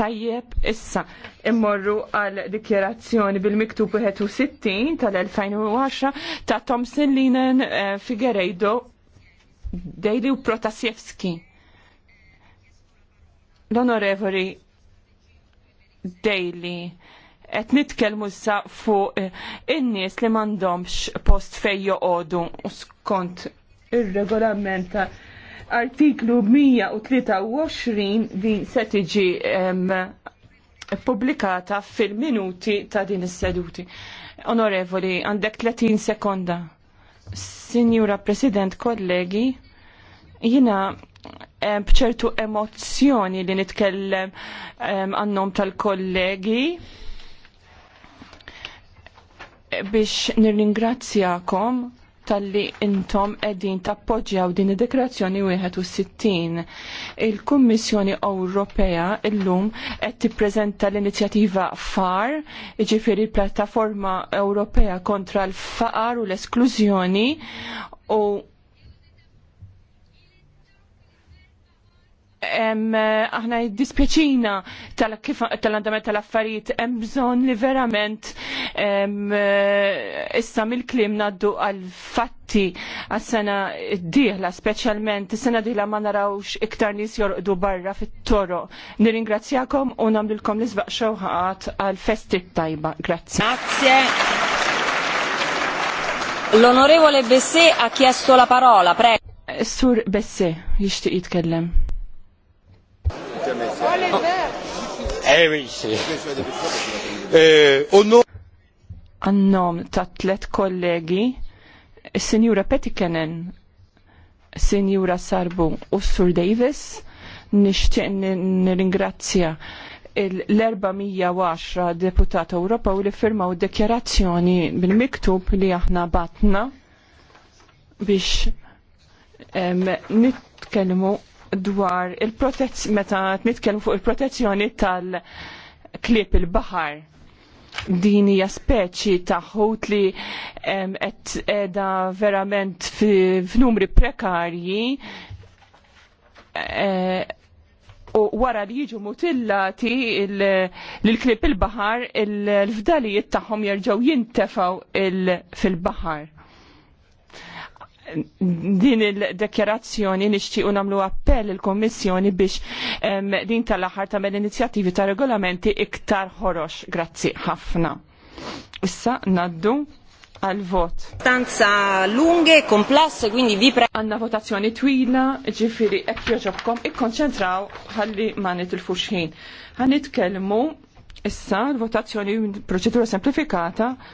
Tajjeb, issa, immorru għal dikjerazzjoni bil-miktub 61 tal-2010 ta' Thomson Linen eh, Figueredo Dejli u Protasiewski. L-onorevoli Dejli, et nitkelmu issa fuq eh, in-nies li mandomx post fejjo joqodu skont ir regolamenta artiklu 123 li se tiġi pubblikata fil-minuti ta' din is-seduti. Onorevoli, għandek 30 sekonda. Signora President, kollegi, jina bċertu emozjoni li nitkellem għannom tal-kollegi biex nirringrazzjakom tal-li intom edin tappoġġjaw din id-dekrazzjoni 61. Il-Kummissjoni Ewropea illum qed tippreżenta l-inizjattiva FAR, jiġifieri l-Plattaforma Ewropea kontra l-Faqar u l-Esklużjoni u aħna dispjaċina tal-andament tal-affarijiet hemm bżonn li verament issa mill-klim naddu għal-fatti għas-sena d-dieħla speċjalment is-sena d-dieħla ma narawx iktar nies jorqdu barra fit-toro. Nirringrazzjakom u nagħmlilkom l-isbaq xewħaqat għal-festi tajba. Grazzi. Grazie. L'onorevole Bessé ha chiesto la parola, prego. Sur Bessé, jixtieq jitkellem. Eh, eh Annom ta' tlet kollegi, senjura Petikenen, Senjura Sarbu u Sur Davis, nixtieq nirringrazzja l-410 deputat u li firmaw dekjarazzjoni bil-miktub li aħna batna biex nitkellmu dwar il-protezzjoni, meta nitkellmu fuq il-protezzjoni tal klieb il baħar Din hija speċi ta' ħut li qed qiegħda verament f'numri prekarji e, u wara li jiġu mutillati l klieb il baħar il-fdalijiet tagħhom jerġgħu jintefgħu fil baħar din il-dekjerazzjoni nixtiequ nagħmlu appell il-Kommissjoni biex din tal-aħħar tagħmel inizjattivi ta' regolamenti iktar ħorox. Grazzi ħafna. Issa naddu għal vot. Tanza lunghe, complesse, quindi vi pre... Għanna votazzjoni twila, ġifiri ek joġobkom, ikkonċentraw ħalli ma fuxħin ħin. Għanitkellmu issa l-votazzjoni proċedura semplifikata